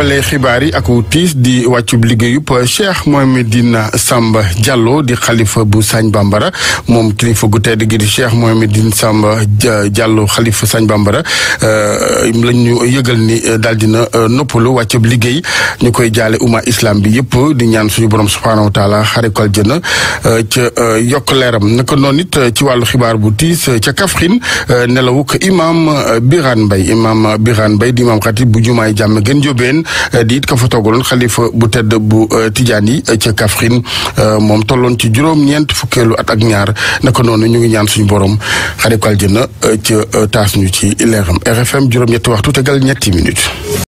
tàmbalee xibaar yi ak wu tiis di liggéey liggéeyub Cheikh Mouhamadine Samba Diallo di xalifa bu Sagne Bambara moom kilifa gu tedd gi di Cheikh Mouhamadine Samba Diallo xalifa Sagne Bambara euh, la ñu yëgal ni euh, daal dina euh, noppalu wàccub liggéey ñu koy jaale umma islam bi yëpp di ñaan suñu borom subhaanahu wa taala xarikal ca yokk leeram naka noonit ci wàllu xibaar bu tiis ca Kaffrine nelawuk imam Birane Mbaye imam Birane Mbaye di imam xatib bu jumaay jàmm gën jóbeen Euh, di it ka fa toogal xalifa bu tedd bu euh, tijaan yi euh, ca Kaffrine moom tolloon ci juróom-ñeent fukkeelu at ak ñaar naka noonu ñu ngi ñaan suñu borom xarikal jëna ca taas ñu ci leeram RFM juróom-ñetti waxtu tegal ñetti minutes